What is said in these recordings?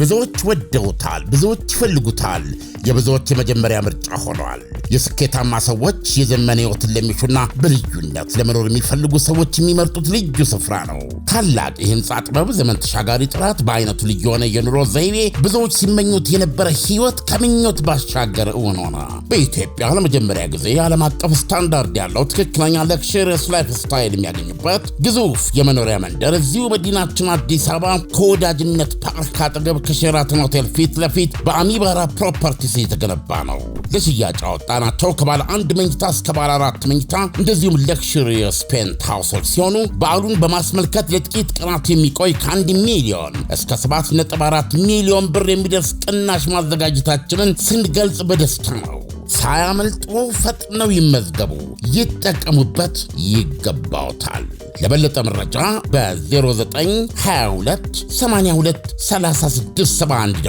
ብዙዎች ወደውታል፣ ብዙዎች ይፈልጉታል፣ የብዙዎች የመጀመሪያ ምርጫ ሆኗል። የስኬታማ ሰዎች የዘመን ህይወትን ለሚሹና በልዩነት ለመኖር የሚፈልጉ ሰዎች የሚመርጡት ልዩ ስፍራ ነው። ታላቅ የህንፃ ጥበብ፣ ዘመን ተሻጋሪ ጥራት፣ በአይነቱ ልዩ የሆነ የኑሮ ዘይቤ፣ ብዙዎች ሲመኙት የነበረ ህይወት ከምኞት ባሻገር እውን ሆነ። በኢትዮጵያ ለመጀመሪያ ጊዜ ዓለም አቀፍ ስታንዳርድ ያለው ትክክለኛ ለክሽርስ ላይፍ ስታይል የሚያገኝበት ግዙፍ የመኖሪያ መንደር እዚሁ መዲናችን አዲስ አበባ ከወዳጅነት ፓርክ አጠገብ ከሼራተን ሆቴል ፊት ለፊት በአሚባራ ፕሮፐርቲስ የተገነባ ነው። ለሽያጭ አወጣናቸው ከባለ አንድ መኝታ እስከ ባለ አራት መኝታ እንደዚሁም ለክሽሪየስ ፔንት ሃውሶች ሲሆኑ በዓሉን በማስመልከት ለጥቂት ቀናት የሚቆይ ከአንድ ሚሊዮን እስከ 7.4 ሚሊዮን ብር የሚደርስ ቅናሽ ማዘጋጀታችንን ስንገልጽ በደስታ ነው። ሳያመልጡ ፈጥነው ይመዝገቡ፣ ይጠቀሙበት ይገባውታል ለበለጠ መረጃ በ0922 82 3671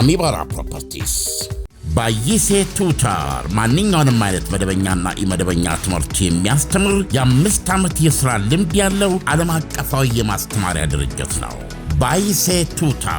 አሚባራ ፕሮፐርቲስ። ባይሴ ቱተር ማንኛውንም አይነት መደበኛና ኢመደበኛ ትምህርት የሚያስተምር የአምስት ዓመት የሥራ ልምድ ያለው ዓለም አቀፋዊ የማስተማሪያ ድርጅት ነው። ባይሴ ቱተር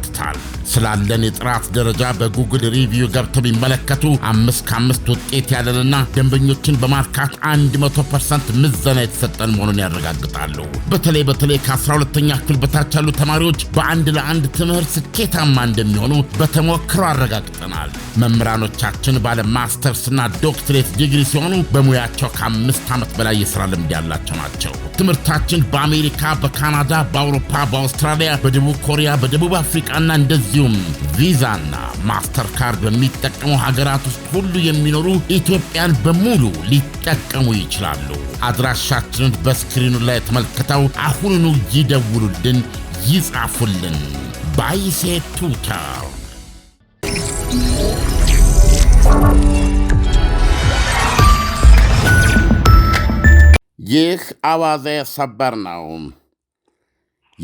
ያካትታል። ስላለን የጥራት ደረጃ በጉግል ሪቪው ገብተው ቢመለከቱ አምስት ከአምስት ውጤት ያለንና ደንበኞችን በማርካት 100 ፐርሰንት ምዘና የተሰጠን መሆኑን ያረጋግጣሉ። በተለይ በተለይ ከ12ተኛ ክፍል በታች ያሉ ተማሪዎች በአንድ ለአንድ ትምህርት ስኬታማ እንደሚሆኑ በተሞክሮ አረጋግጠናል። መምህራኖቻችን ባለ ማስተርስና ዶክትሬት ዲግሪ ሲሆኑ በሙያቸው ከአምስት ዓመት በላይ የሥራ ልምድ ያላቸው ናቸው። ትምህርታችን በአሜሪካ፣ በካናዳ፣ በአውሮፓ፣ በአውስትራሊያ፣ በደቡብ ኮሪያ፣ በደቡብ አፍሪካ አፍሪቃና እንደዚሁም ቪዛና ማስተር ካርድ በሚጠቀሙ ሀገራት ውስጥ ሁሉ የሚኖሩ ኢትዮጵያን በሙሉ ሊጠቀሙ ይችላሉ። አድራሻችንን በስክሪኑ ላይ ተመልክተው አሁኑኑ ይደውሉልን፣ ይጻፉልን። ባይሴ ቱታር ይህ አዋዜ ሰበር ነው።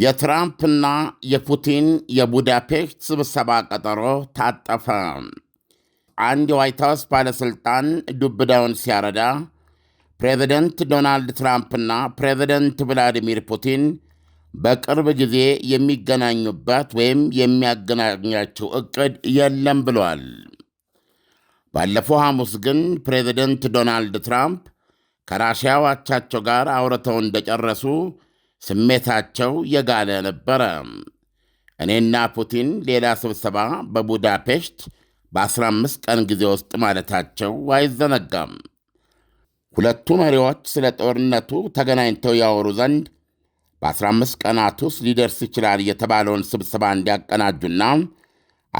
የትራምፕና የፑቲን የቡዳፔሽት ስብሰባ ቀጠሮ ታጠፈ። አንድ የዋይት ሀውስ ባለሥልጣን ዱብዳውን ሲያረዳ ፕሬዚደንት ዶናልድ ትራምፕና ፕሬዚደንት ቭላዲሚር ፑቲን በቅርብ ጊዜ የሚገናኙበት ወይም የሚያገናኛቸው ዕቅድ የለም ብሏል። ባለፈው ሐሙስ ግን ፕሬዚደንት ዶናልድ ትራምፕ ከራሽያ አቻቸው ጋር አውርተው እንደጨረሱ ስሜታቸው የጋለ ነበረ። እኔና ፑቲን ሌላ ስብሰባ በቡዳፔሽት በ15 ቀን ጊዜ ውስጥ ማለታቸው አይዘነጋም። ሁለቱ መሪዎች ስለ ጦርነቱ ተገናኝተው ያወሩ ዘንድ በ15 ቀናት ውስጥ ሊደርስ ይችላል የተባለውን ስብሰባ እንዲያቀናጁና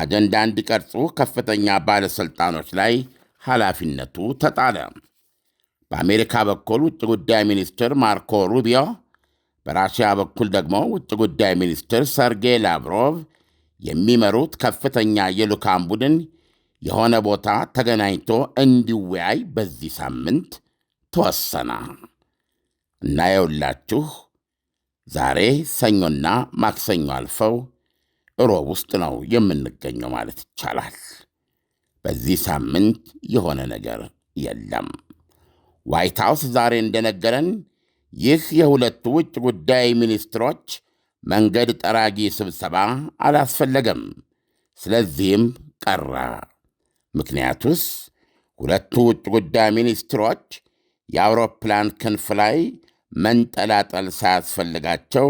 አጀንዳ እንዲቀርጹ ከፍተኛ ባለሥልጣኖች ላይ ኃላፊነቱ ተጣለ። በአሜሪካ በኩል ውጭ ጉዳይ ሚኒስትር ማርኮ ሩቢዮ በራሽያ በኩል ደግሞ ውጭ ጉዳይ ሚኒስትር ሰርጌይ ላቭሮቭ የሚመሩት ከፍተኛ የልዑካን ቡድን የሆነ ቦታ ተገናኝቶ እንዲወያይ በዚህ ሳምንት ተወሰነ እና የውላችሁ ዛሬ ሰኞና ማክሰኞ አልፈው እሮብ ውስጥ ነው የምንገኘው ማለት ይቻላል። በዚህ ሳምንት የሆነ ነገር የለም። ዋይት ሃውስ ዛሬ እንደነገረን ይህ የሁለቱ ውጭ ጉዳይ ሚኒስትሮች መንገድ ጠራጊ ስብሰባ አላስፈለገም። ስለዚህም ቀራ። ምክንያቱስ ሁለቱ ውጭ ጉዳይ ሚኒስትሮች የአውሮፕላን ክንፍ ላይ መንጠላጠል ሳያስፈልጋቸው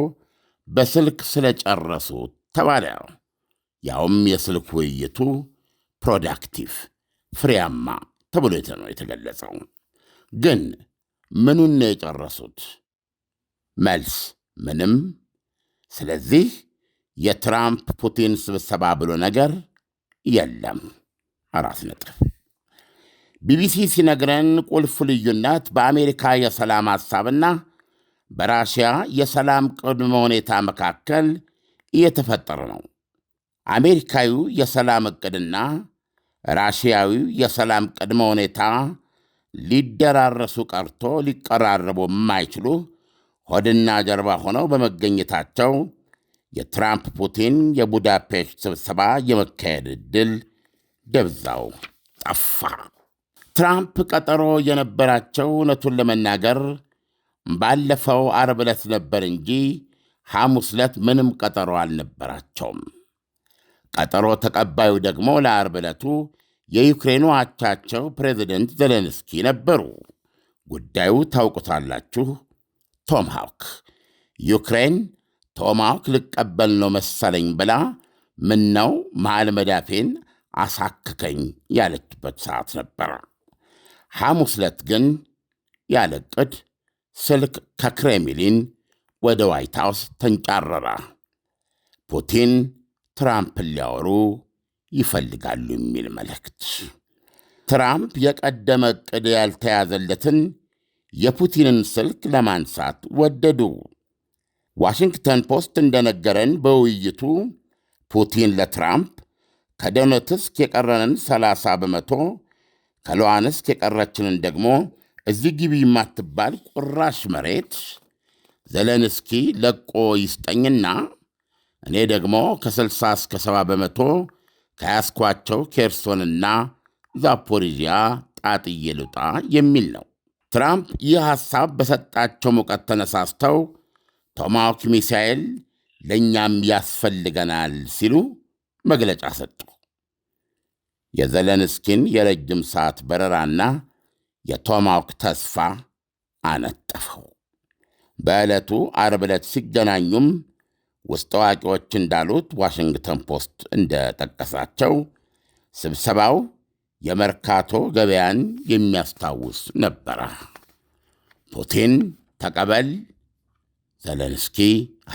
በስልክ ስለጨረሱ ተባለ። ያውም የስልክ ውይይቱ ፕሮዳክቲቭ ፍሬያማ ተብሎ ነው የተገለጸው። ግን ምኑን ነው የጨረሱት? መልስ ምንም። ስለዚህ የትራምፕ ፑቲን ስብሰባ ብሎ ነገር የለም። አራት ነጥብ። ቢቢሲ ሲነግረን ቁልፍ ልዩነት በአሜሪካ የሰላም ሐሳብና በራሽያ የሰላም ቅድመ ሁኔታ መካከል እየተፈጠረ ነው። አሜሪካዊው የሰላም ዕቅድና ራሽያዊው የሰላም ቅድመ ሁኔታ ሊደራረሱ ቀርቶ ሊቀራረቡ የማይችሉ ሆድና ጀርባ ሆነው በመገኘታቸው የትራምፕ ፑቲን የቡዳፔሽት ስብሰባ የመካሄድ ዕድል ደብዛው ጠፋ። ትራምፕ ቀጠሮ የነበራቸው እውነቱን ለመናገር ባለፈው አርብ ዕለት ነበር እንጂ ሐሙስ ዕለት ምንም ቀጠሮ አልነበራቸውም። ቀጠሮ ተቀባዩ ደግሞ ለአርብ ዕለቱ የዩክሬኑ አቻቸው ፕሬዚደንት ዘሌንስኪ ነበሩ። ጉዳዩ ታውቁታላችሁ። ቶምሃውክ ዩክሬን ቶምሃውክ ልቀበል ነው መሰለኝ ብላ ምነው መሃል መዳፌን አሳክከኝ ያለችበት ሰዓት ነበር? ሐሙስ ዕለት ግን ያለ ዕቅድ ስልክ ከክሬምሊን ወደ ዋይት ሃውስ ተንጫረረ። ፑቲን ትራምፕን ሊያወሩ ይፈልጋሉ የሚል መልእክት። ትራምፕ የቀደመ ዕቅድ ያልተያዘለትን የፑቲንን ስልክ ለማንሳት ወደዱ። ዋሽንግተን ፖስት እንደነገረን በውይይቱ ፑቲን ለትራምፕ ከዶነትስክ የቀረንን 30 በመቶ ከሉዋንስክ የቀረችንን ደግሞ እዚህ ግቢ የማትባል ቁራሽ መሬት ዘለንስኪ ለቆ ይስጠኝና እኔ ደግሞ ከ60 እስከ 70 በመቶ ከያስኳቸው ኬርሶንና ዛፖሪዥያ ጣጥዬ ልውጣ የሚል ነው። ትራምፕ ይህ ሐሳብ በሰጣቸው ሙቀት ተነሳስተው ቶማሃውክ ሚሳኤል ለእኛም ያስፈልገናል ሲሉ መግለጫ ሰጡ። የዘለንስኪን የረጅም ሰዓት በረራና የቶማሃውክ ተስፋ አነጠፈው። በዕለቱ አርብ ዕለት ሲገናኙም ውስጥ አዋቂዎች እንዳሉት ዋሽንግተን ፖስት እንደጠቀሳቸው ስብሰባው የመርካቶ ገበያን የሚያስታውስ ነበረ። ፑቲን ተቀበል፣ ዘለንስኪ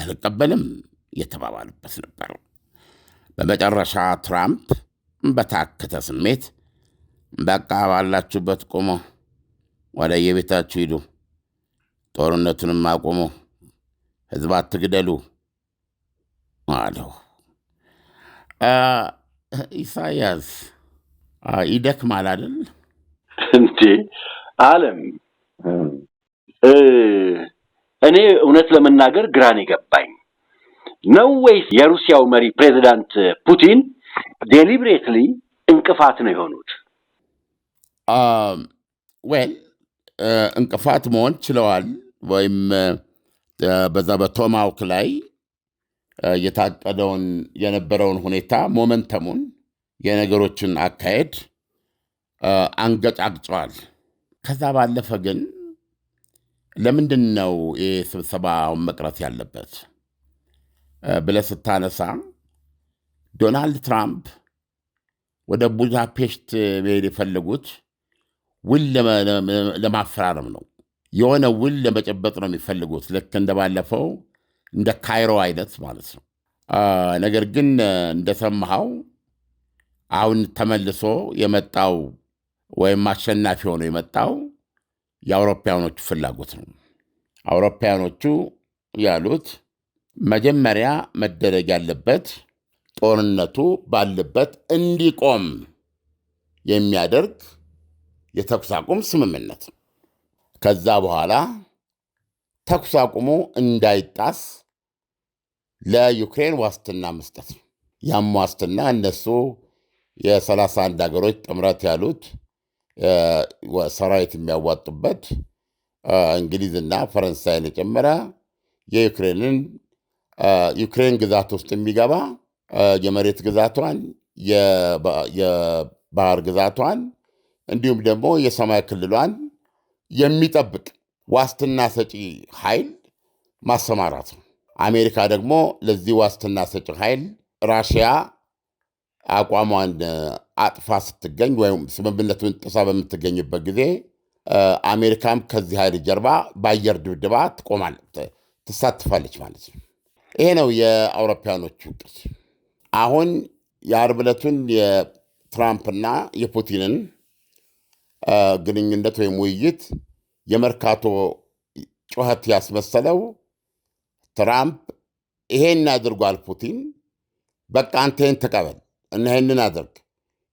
አልቀበልም የተባባሉበት ነበር። በመጨረሻ ትራምፕ በታከተ ስሜት በቃ ባላችሁበት ቁሞ ወደ የቤታችሁ ሂዱ፣ ጦርነቱንም አቁሙ፣ ሕዝብ አትግደሉ አለሁ። ኢሳያስ ይደክማል አይደል እንዴ? አለም እኔ እውነት ለመናገር ግራን የገባኝ ነው ወይስ የሩሲያው መሪ ፕሬዚዳንት ፑቲን ዴሊብሬትሊ እንቅፋት ነው የሆኑት? ዌል እንቅፋት መሆን ችለዋል። ወይም በዛ በቶማውክ ላይ የታቀደውን የነበረውን ሁኔታ ሞመንተሙን፣ የነገሮችን አካሄድ አንገጫግጨዋል። ከዛ ባለፈ ግን ለምንድን ነው ይህ ስብሰባውን መቅረት ያለበት ብለህ ስታነሳ ዶናልድ ትራምፕ ወደ ቡዳፔስት መሄድ የፈለጉት ውል ለማፈራረም ነው። የሆነ ውል ለመጨበጥ ነው የሚፈልጉት ልክ እንደባለፈው እንደ ካይሮ አይነት ማለት ነው። ነገር ግን እንደሰማኸው አሁን ተመልሶ የመጣው ወይም አሸናፊ ሆኖ የመጣው የአውሮፓያኖቹ ፍላጎት ነው። አውሮፓያኖቹ ያሉት መጀመሪያ መደረግ ያለበት ጦርነቱ ባለበት እንዲቆም የሚያደርግ የተኩስ አቁም ስምምነት ከዛ በኋላ ተኩስ አቁሙ እንዳይጣስ ለዩክሬን ዋስትና መስጠት ነው። ያም ዋስትና እነሱ የሰላሳ አንድ ሀገሮች ጥምረት ያሉት ሰራዊት የሚያዋጡበት እንግሊዝና ፈረንሳይን የጨመረ የዩክሬንን ዩክሬን ግዛት ውስጥ የሚገባ የመሬት ግዛቷን የባህር ግዛቷን እንዲሁም ደግሞ የሰማይ ክልሏን የሚጠብቅ ዋስትና ሰጪ ኃይል ማሰማራት ነው። አሜሪካ ደግሞ ለዚህ ዋስትና ሰጪ ኃይል ራሽያ አቋሟን አጥፋ ስትገኝ ወይም ስምምነቱን ጥሳ በምትገኝበት ጊዜ አሜሪካም ከዚህ ኃይል ጀርባ በአየር ድብድባ ትቆማል ትሳትፋለች ማለት ነው። ይሄ ነው የአውሮፓያኖቹ እቅድ። አሁን የአርብ ዕለቱን የትራምፕና የፑቲንን ግንኙነት ወይም ውይይት የመርካቶ ጩኸት ያስመሰለው ትራምፕ ይሄን አድርጓል። ፑቲን በቃ አንተ ይህን ተቀበል እና ይህንን አድርግ፣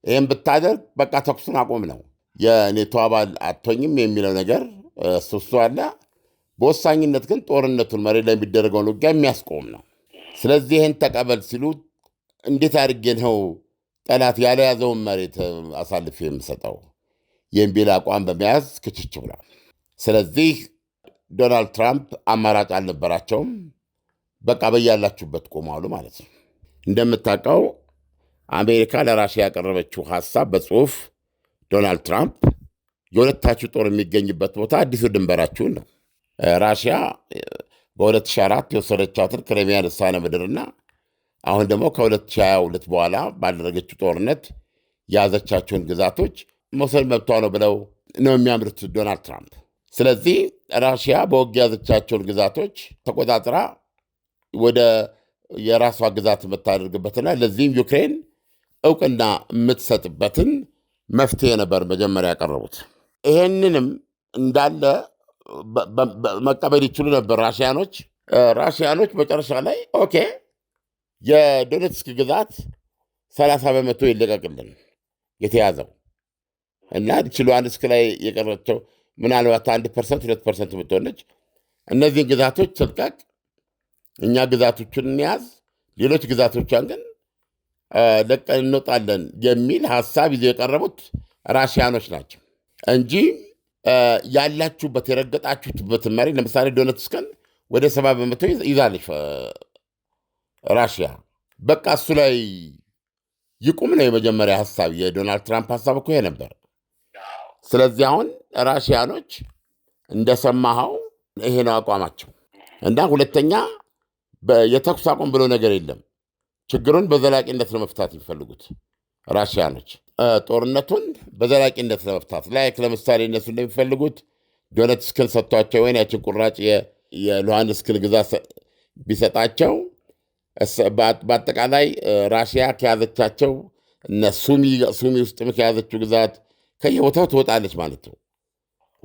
ይህን ብታደርግ በቃ ተኩሱን አቁም ነው የኔቶ አባል አቶኝም የሚለው ነገር ስሱ አለ። በወሳኝነት ግን ጦርነቱን መሬት ላይ የሚደረገውን ውጊያ የሚያስቆም ነው። ስለዚህ ይህን ተቀበል ሲሉ እንዴት አድርጌ ነው ጠላት ያለያዘውን መሬት አሳልፌ የምሰጠው የሚል አቋም በመያዝ ክችች ብሏል። ስለዚህ ዶናልድ ትራምፕ አማራጭ አልነበራቸውም። በቃ በያላችሁበት ቆሙ አሉ ማለት ነው። እንደምታውቀው አሜሪካ ለራሽያ ያቀረበችው ሀሳብ በጽሁፍ ዶናልድ ትራምፕ የሁለታችሁ ጦር የሚገኝበት ቦታ አዲሱ ድንበራችሁን ነው። ራሽያ በ2004 የወሰደቻትን ክሬሚያን ልሳነ ምድርና አሁን ደግሞ ከ2022 በኋላ ባደረገችው ጦርነት የያዘቻቸውን ግዛቶች መውሰድ መብቷ ነው ብለው ነው የሚያምርት ዶናልድ ትራምፕ። ስለዚህ ራሽያ በወግ ያዘቻቸውን ግዛቶች ተቆጣጥራ ወደ የራሷ ግዛት የምታደርግበትና ለዚህም ዩክሬን እውቅና የምትሰጥበትን መፍትሄ ነበር መጀመሪያ ያቀረቡት። ይህንንም እንዳለ መቀበል ይችሉ ነበር ራሽያኖች። ራሽያኖች መጨረሻ ላይ ኦኬ የዶኔትስክ ግዛት 30 በመቶ ይለቀቅልን የተያዘው እና ችሉ አንድ እስክ ላይ የቀረቸው ምናልባት አንድ ፐርሰንት ሁለት ፐርሰንት የምትሆነች እነዚህን ግዛቶች ስልቀቅ እኛ ግዛቶቹን እንያዝ፣ ሌሎች ግዛቶቿን ግን ለቀን እንወጣለን የሚል ሀሳብ ይዘው የቀረቡት ራሽያኖች ናቸው እንጂ ያላችሁበት የረገጣችሁበትን መሬት ለምሳሌ ዶኔትስክን ወደ ሰባ በመቶ ይዛለች ራሽያ። በቃ እሱ ላይ ይቁም ነው የመጀመሪያ ሀሳብ። የዶናልድ ትራምፕ ሀሳብ እኮ ይሄ ነበር። ስለዚህ አሁን ራሽያኖች እንደሰማኸው ይሄ ነው አቋማቸው እና ሁለተኛ የተኩስ አቁም ብሎ ነገር የለም። ችግሩን በዘላቂነት ለመፍታት የሚፈልጉት ራሽያኖች ጦርነቱን በዘላቂነት ለመፍታት ላይክ ለምሳሌ እነሱ እንደሚፈልጉት ዶነትስክን ሰጥቷቸው ወይም ያችን ቁራጭ የሉሃንስክን ግዛት ቢሰጣቸው በአጠቃላይ ራሽያ ከያዘቻቸው እነ ሱሚ ውስጥም ከያዘችው ግዛት ከየቦታው ትወጣለች ማለት ነው።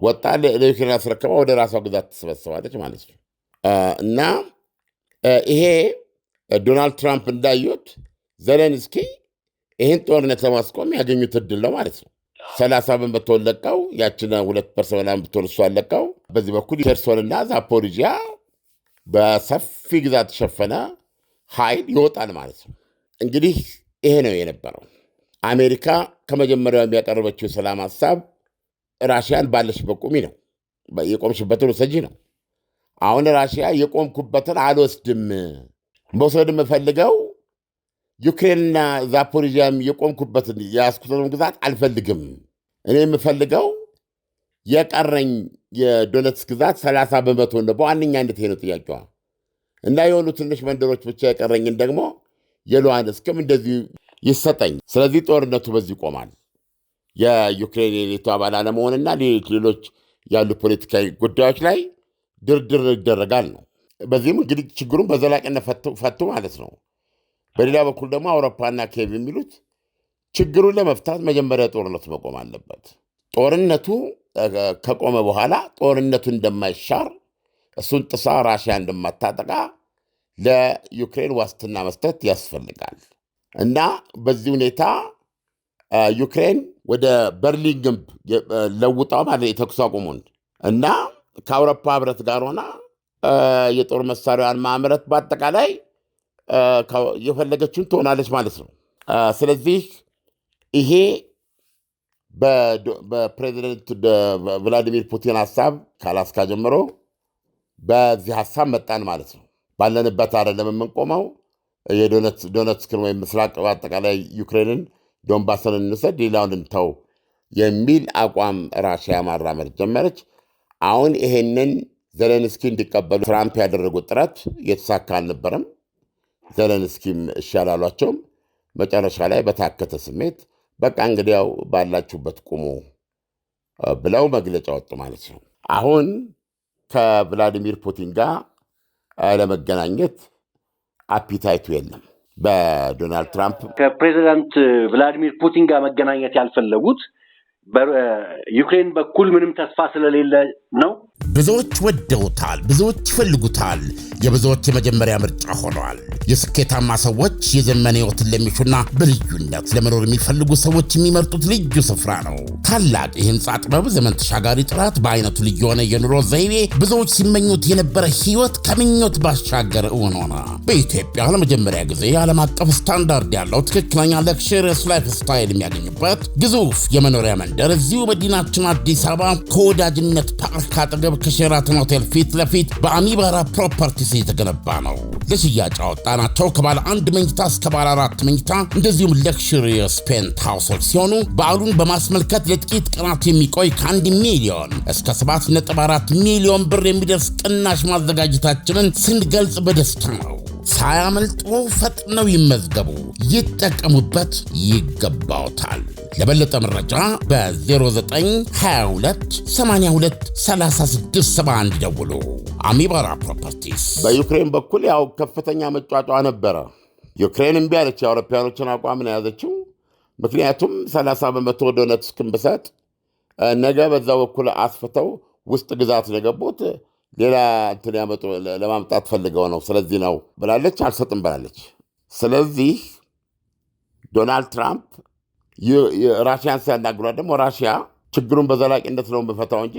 ወጣ ለዩክሬን አስረክባ ወደ ራሷ ግዛት ትሰበስባለች ማለት ነው። እና ይሄ ዶናልድ ትራምፕ እንዳዩት ዘለንስኪ ይህን ጦርነት ለማስቆም ያገኙት እድል ነው ማለት ነው። ሰላሳ ብን ብትሆን ለቀው ያችን ሁለት ፐርሰመላ ብትሆን እሷ ለቀው በዚህ በኩል ሄርሶንና ዛፖሪጂያ በሰፊ ግዛት ተሸፈነ ኃይል ይወጣል ማለት ነው። እንግዲህ ይሄ ነው የነበረው አሜሪካ ከመጀመሪያው የሚያቀርበችው የሰላም ሀሳብ ራሽያን ባለሽበት ቁሚ ነው። የቆምሽበትን ውሰጂ ነው። አሁን ራሽያ የቆምኩበትን አልወስድም። መውሰድ የምፈልገው ዩክሬንና ዛፖሪዥያም የቆምኩበትን የያዝኩትን ግዛት አልፈልግም። እኔ የምፈልገው የቀረኝ የዶነትስክ ግዛት ሰላሳ በመቶ ነው። በዋነኛነት ይሄ ነው ጥያቄዋ እና የሆኑ ትንሽ መንደሮች ብቻ የቀረኝን ደግሞ የሉሃንስክም እንደዚሁ ይሰጠኝ። ስለዚህ ጦርነቱ በዚህ ይቆማል። የዩክሬን የኔቶ አባል አለመሆንና ሌሎች ሌሎች ያሉ ፖለቲካዊ ጉዳዮች ላይ ድርድር ይደረጋል ነው። በዚህም እንግዲህ ችግሩን በዘላቂነት ፈቱ ማለት ነው። በሌላ በኩል ደግሞ አውሮፓና ኬብ የሚሉት ችግሩን ለመፍታት መጀመሪያ ጦርነቱ መቆም አለበት። ጦርነቱ ከቆመ በኋላ ጦርነቱ እንደማይሻር እሱን ጥሳ ራሽያ እንደማታጠቃ ለዩክሬን ዋስትና መስጠት ያስፈልጋል እና በዚህ ሁኔታ ዩክሬን ወደ በርሊን ግንብ ለውጣ ማለት የተኩስ አቁሙን እና ከአውሮፓ ህብረት ጋር ሆና የጦር መሳሪያዋን ማምረት በአጠቃላይ የፈለገችውን ትሆናለች ማለት ነው። ስለዚህ ይሄ በፕሬዚደንት ቭላዲሚር ፑቲን ሀሳብ ከአላስካ ጀምሮ በዚህ ሀሳብ መጣን ማለት ነው። ባለንበት አይደለም የምንቆመው። የዶነትስክን ወይም ምስራቅ በአጠቃላይ ዩክሬንን ዶንባስን እንውሰድ፣ ሌላውን እንተው የሚል አቋም ራሽያ ማራመድ ጀመረች። አሁን ይሄንን ዘለንስኪ እንዲቀበሉ ትራምፕ ያደረጉት ጥረት የተሳካ አልነበረም። ዘለንስኪም እሺ አላሏቸውም። መጨረሻ ላይ በታከተ ስሜት በቃ እንግዲያው ባላችሁበት ቁሙ ብለው መግለጫ ወጡ ማለት ነው። አሁን ከቭላዲሚር ፑቲን ጋር ለመገናኘት አፒታይቱ የለም። በዶናልድ ትራምፕ ከፕሬዚዳንት ቭላዲሚር ፑቲን ጋር መገናኘት ያልፈለጉት በዩክሬን በኩል ምንም ተስፋ ስለሌለ ነው። ብዙዎች ወደውታል፣ ብዙዎች ይፈልጉታል፣ የብዙዎች የመጀመሪያ ምርጫ ሆኗል። የስኬታማ ሰዎች የዘመን ህይወትን ለሚሹና በልዩነት ለመኖር የሚፈልጉ ሰዎች የሚመርጡት ልዩ ስፍራ ነው። ታላቅ የህንፃ ጥበብ፣ ዘመን ተሻጋሪ ጥራት፣ በአይነቱ ልዩ የሆነ የኑሮ ዘይቤ ብዙዎች ሲመኙት የነበረ ህይወት ከምኞት ባሻገር እውን ሆነ። በኢትዮጵያ ለመጀመሪያ ጊዜ ዓለም አቀፍ ስታንዳርድ ያለው ትክክለኛ ለክሽርስ ላይፍ ስታይል የሚያገኙበት ግዙፍ የመኖሪያ መንደር እዚሁ መዲናችን አዲስ አበባ ከወዳጅነት ፓርክ አጠገብ ከሼራተን ሆቴል ፊት ለፊት በአሚባራ ፕሮፐርቲስ የተገነባ ነው። ለሽያጭ አወጣናቸው ከባለ አንድ መኝታ እስከ ባለ አራት መኝታ እንደዚሁም ለክሽሪየስ ፔንት ሃውሶች ሲሆኑ በዓሉን በማስመልከት ለጥቂት ቀናት የሚቆይ ከአንድ ሚሊዮን እስከ አራት ሚሊዮን ብር የሚደርስ ቅናሽ ማዘጋጀታችንን ስንገልጽ በደስታ ነው። ሳያመልጦ ፈጥነው ይመዝገቡ፣ ይጠቀሙበት፣ ይገባውታል ለበለጠ መረጃ በ0922 82 ደውሉ። አሚባራ ፕሮፐርቲስ። በዩክሬን በኩል ያው ከፍተኛ መጫጫ ነበረ። ዩክሬን እምቢ አለች። የአውሮፓያኖችን አቋም ነው ምክንያቱም 30 በመቶ ዶነትስክን ብሰጥ ነገ በዛ በኩል አስፍተው ውስጥ ግዛት ነው የገቡት ሌላ እንትን ያመጡ ለማምጣት ፈልገው ነው ስለዚህ ነው ብላለች፣ አልሰጥም ብላለች። ስለዚህ ዶናልድ ትራምፕ ራሽያን ሲያናግሯት ደግሞ ራሽያ ችግሩን በዘላቂነት ነው የምፈታው እንጂ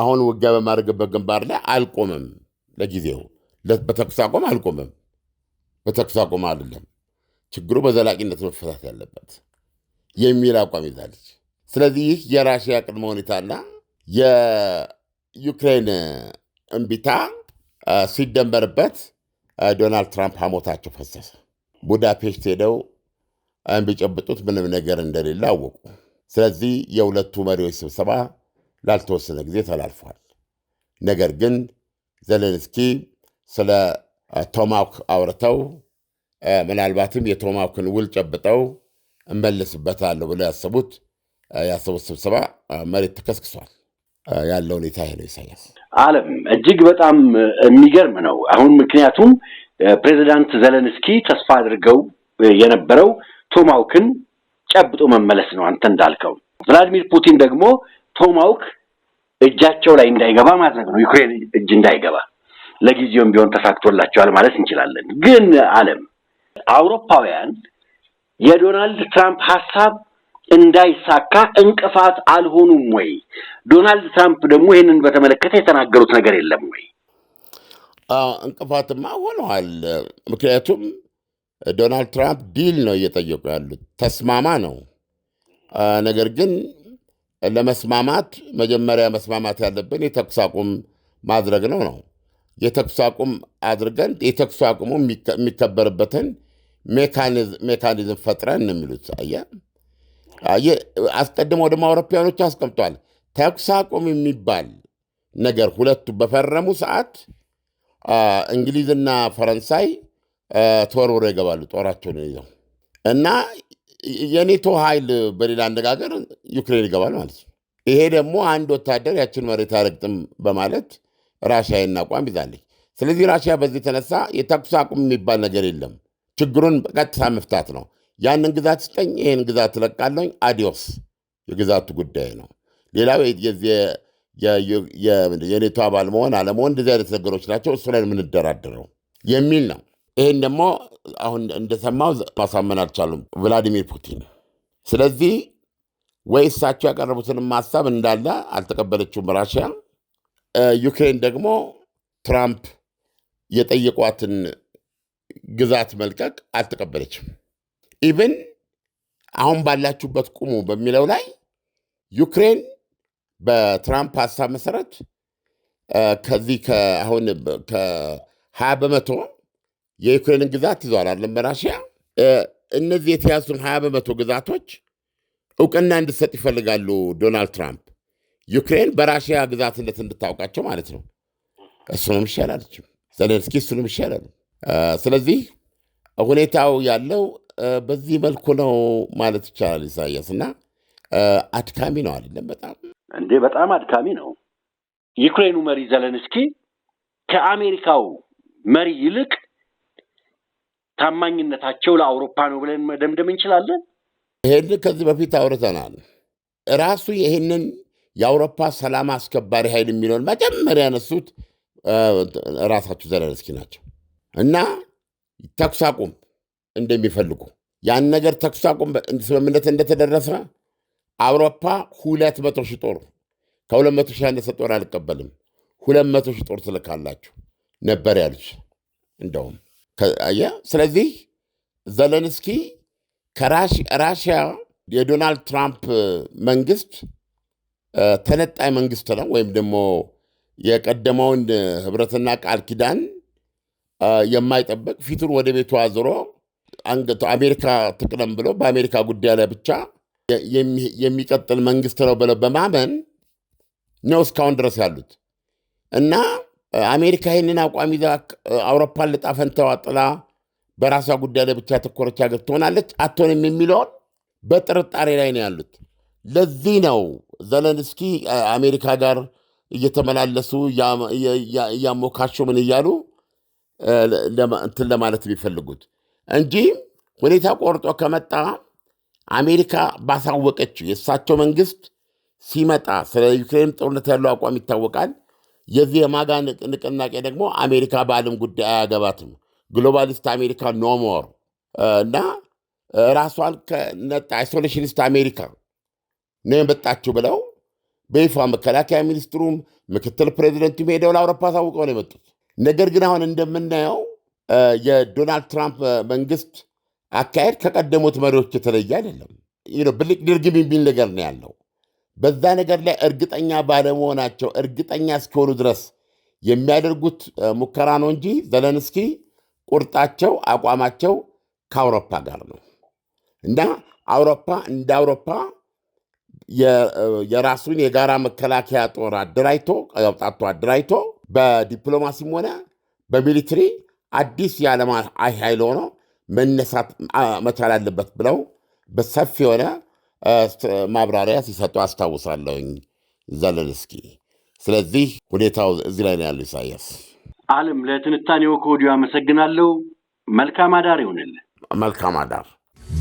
አሁን ውጊያ በማድረግበት ግንባር ላይ አልቆምም፣ ለጊዜው በተኩስ አቁም አልቆምም፣ በተኩስ አቁም አይደለም ችግሩ በዘላቂነት መፈታት ያለበት የሚል አቋም ይዛለች። ስለዚህ ይህ የራሽያ ቅድመ ሁኔታና የዩክሬን እምቢታ ሲደመርበት ዶናልድ ትራምፕ ሐሞታቸው ፈሰሰ። ቡዳፔስት ሄደው ቢጨብጡት ምንም ነገር እንደሌለ አወቁ። ስለዚህ የሁለቱ መሪዎች ስብሰባ ላልተወሰነ ጊዜ ተላልፏል። ነገር ግን ዘሌንስኪ ስለ ቶማክ አውርተው ምናልባትም የቶማክን ውል ጨብጠው እመልስበታለሁ ብለው ያሰቡት ያሰቡት ስብሰባ መሬት ተከስክሷል። ያለው ሁኔታ ይሄ ነው። ኢሳያስ አለም እጅግ በጣም የሚገርም ነው። አሁን ምክንያቱም ፕሬዚዳንት ዘለንስኪ ተስፋ አድርገው የነበረው ቶማውክን ጨብጦ መመለስ ነው አንተ እንዳልከው። ቭላዲሚር ፑቲን ደግሞ ቶማውክ እጃቸው ላይ እንዳይገባ ማድረግ ነው፣ ዩክሬን እጅ እንዳይገባ። ለጊዜውም ቢሆን ተሳክቶላቸዋል ማለት እንችላለን። ግን አለም አውሮፓውያን የዶናልድ ትራምፕ ሀሳብ እንዳይሳካ እንቅፋት አልሆኑም ወይ? ዶናልድ ትራምፕ ደግሞ ይህንን በተመለከተ የተናገሩት ነገር የለም ወይ? እንቅፋትማ ሆነዋል። ምክንያቱም ዶናልድ ትራምፕ ዲል ነው እየጠየቁ ያሉት ተስማማ ነው። ነገር ግን ለመስማማት መጀመሪያ መስማማት ያለብን የተኩስ አቁም ማድረግ ነው ነው የተኩስ አቁም አድርገን የተኩስ አቁሙ የሚከበርበትን ሜካኒዝም ፈጥረን የሚሉት አየህ አስቀድመው ደግሞ አውሮፓውያኖች አስቀምጧል። ተኩስ አቁም የሚባል ነገር ሁለቱ በፈረሙ ሰዓት እንግሊዝና ፈረንሳይ ተወርውሮ ይገባሉ ጦራቸውን ይዘው እና የኔቶ ኃይል በሌላ አነጋገር ዩክሬን ይገባል ማለት ነው። ይሄ ደግሞ አንድ ወታደር ያችን መሬት አረግጥም በማለት ራሽያን አቋም ይዛለች። ስለዚህ ራሽያ በዚህ የተነሳ የተኩስ አቁም የሚባል ነገር የለም። ችግሩን በቀጥታ መፍታት ነው። ያንን ግዛት ስጠኝ፣ ይህን ግዛት ትለቃለኝ፣ አዲዮስ የግዛቱ ጉዳይ ነው። ሌላው የኔቶ አባል መሆን አለመሆን እንደዚህ አይነት ነገሮች ናቸው። እሱ ላይ የምንደራደረው የሚል ነው። ይህን ደግሞ አሁን እንደሰማው ማሳመን አልቻሉም ቭላዲሚር ፑቲን። ስለዚህ ወይ እሳቸው ያቀረቡትንም ሀሳብ እንዳለ አልተቀበለችውም ራሽያ። ዩክሬን ደግሞ ትራምፕ የጠየቋትን ግዛት መልቀቅ አልተቀበለችም። ኢቨን አሁን ባላችሁበት ቁሙ በሚለው ላይ ዩክሬን በትራምፕ ሀሳብ መሰረት ከዚህ አሁን ከሀያ በመቶ የዩክሬንን ግዛት ይዘዋል አለም በራሽያ እነዚህ የተያዙን ሀያ በመቶ ግዛቶች እውቅና እንድሰጥ ይፈልጋሉ ዶናልድ ትራምፕ ዩክሬን በራሽያ ግዛትነት እንድታውቃቸው ማለት ነው። እሱንም ይሻላለችም ዘለንስኪ እሱንም ይሻላሉ። ስለዚህ ሁኔታው ያለው በዚህ መልኩ ነው ማለት ይቻላል። ኢሳያስ እና አድካሚ ነው አይደለም? በጣም እንዴ፣ በጣም አድካሚ ነው። ዩክሬኑ መሪ ዘለንስኪ ከአሜሪካው መሪ ይልቅ ታማኝነታቸው ለአውሮፓ ነው ብለን መደምደም እንችላለን። ይህን ከዚህ በፊት አውርተናል። ራሱ ይህንን የአውሮፓ ሰላም አስከባሪ ኃይል የሚለውን መጀመሪያ ያነሱት ራሳቸው ዘለንስኪ ናቸው እና ተኩስ አቁም እንደሚፈልጉ ያን ነገር ተኩስ አቁም ስምምነት እንደተደረሰ አውሮፓ ሁለት መቶ ሺህ ጦር ከሁለት መቶ ሺህ ያነሰ ጦር አልቀበልም፣ ሁለት መቶ ሺህ ጦር ትልካላችሁ ነበር ያሉት። እንደውም ስለዚህ ዘለንስኪ ከራሽያ የዶናልድ ትራምፕ መንግስት ተነጣይ መንግስት ነው ወይም ደግሞ የቀደመውን ህብረትና ቃል ኪዳን የማይጠበቅ ፊቱን ወደ ቤቱ አዝሮ አሜሪካ ትቅደም ብሎ በአሜሪካ ጉዳይ ላይ ብቻ የሚቀጥል መንግስት ነው ብለው በማመን ነው እስካሁን ድረስ ያሉት እና አሜሪካ ይህንን አቋም ይዛ አውሮፓን ልጣ በራሷ ጉዳይ ላይ ብቻ ተኮረች ሀገር ትሆናለች አትሆንም የሚለውን በጥርጣሬ ላይ ነው ያሉት። ለዚህ ነው ዘለንስኪ አሜሪካ ጋር እየተመላለሱ እያሞካሹ ምን እያሉ እንትን ለማለት የሚፈልጉት። እንጂ ሁኔታ ቆርጦ ከመጣ አሜሪካ ባሳወቀችው የእሳቸው መንግስት ሲመጣ ስለ ዩክሬን ጦርነት ያለው አቋም ይታወቃል። የዚህ የማጋ ንቅናቄ ደግሞ አሜሪካ በዓለም ጉዳይ አያገባትም፣ ግሎባሊስት አሜሪካ ኖሞር እና ራሷን ከነጣ አይሶሌሽኒስት አሜሪካ ነው የመጣችው ብለው በይፋ መከላከያ ሚኒስትሩም ምክትል ፕሬዚደንቱም ሄደው ለአውሮፓ አሳውቀው ነው የመጡት። ነገር ግን አሁን እንደምናየው የዶናልድ ትራምፕ መንግስት አካሄድ ከቀደሙት መሪዎች የተለየ አይደለም። ብልቅ ድርግም የሚል ነገር ነው ያለው። በዛ ነገር ላይ እርግጠኛ ባለመሆናቸው እርግጠኛ እስኪሆኑ ድረስ የሚያደርጉት ሙከራ ነው እንጂ ዘለንስኪ ቁርጣቸው፣ አቋማቸው ከአውሮፓ ጋር ነው እና አውሮፓ እንደ አውሮፓ የራሱን የጋራ መከላከያ ጦር አደራጅቶ ቀጣቶ አደራጅቶ በዲፕሎማሲም ሆነ በሚሊትሪ አዲስ የዓለም ኃይል ሆኖ መነሳት መቻል አለበት ብለው በሰፊ የሆነ ማብራሪያ ሲሰጡ አስታውሳለሁኝ ዘለንስኪ። ስለዚህ ሁኔታው እዚህ ላይ ነው ያለው። ኢሳያስ አለም፣ ለትንታኔው ከወዲሁ አመሰግናለሁ። መልካም አዳር ይሆንል። መልካም አዳር።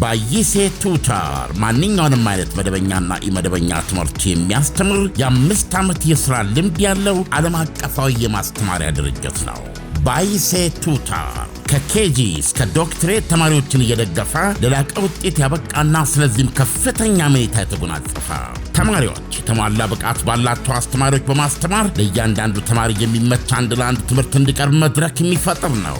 ባይሴ ቱታር ማንኛውንም አይነት መደበኛና ኢመደበኛ ትምህርት የሚያስተምር የአምስት ዓመት የሥራ ልምድ ያለው ዓለም አቀፋዊ የማስተማሪያ ድርጅት ነው። ቱታ ከኬጂ እስከ ዶክትሬት ተማሪዎችን እየደገፈ ለላቀ ውጤት ያበቃና ስለዚህም ከፍተኛ መኔታ የተጎናጸፈ ተማሪዎች የተሟላ ብቃት ባላቸው አስተማሪዎች በማስተማር ለእያንዳንዱ ተማሪ የሚመች አንድ ለአንድ ትምህርት እንዲቀርብ መድረክ የሚፈጥር ነው።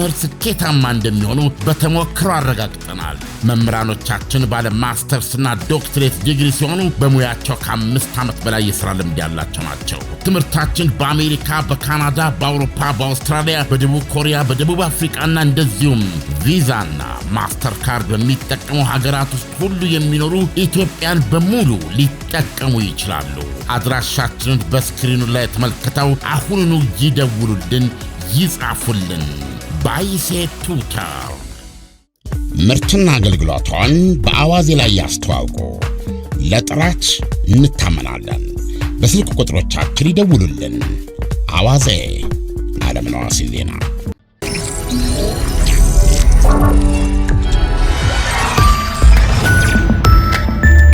በትምህርት ስኬታማ እንደሚሆኑ በተሞክሮ አረጋግጠናል። መምህራኖቻችን ባለ ማስተርስና ዶክትሬት ዲግሪ ሲሆኑ በሙያቸው ከአምስት ዓመት በላይ የሥራ ልምድ ያላቸው ናቸው። ትምህርታችን በአሜሪካ፣ በካናዳ፣ በአውሮፓ፣ በአውስትራሊያ፣ በደቡብ ኮሪያ፣ በደቡብ አፍሪቃና እንደዚሁም ቪዛና ማስተር ካርድ በሚጠቀሙ ሀገራት ውስጥ ሁሉ የሚኖሩ ኢትዮጵያን በሙሉ ሊጠቀሙ ይችላሉ። አድራሻችንን በስክሪኑ ላይ ተመልክተው አሁኑኑ ይደውሉልን፣ ይጻፉልን። ባይሴ ቱታር ምርትና አገልግሎቷን በአዋዜ ላይ ያስተዋውቁ። ለጥራች እንታመናለን። በስልክ ቁጥሮቻችን ይደውሉልን። አዋዜ አለምነህ ዋሴ ዜና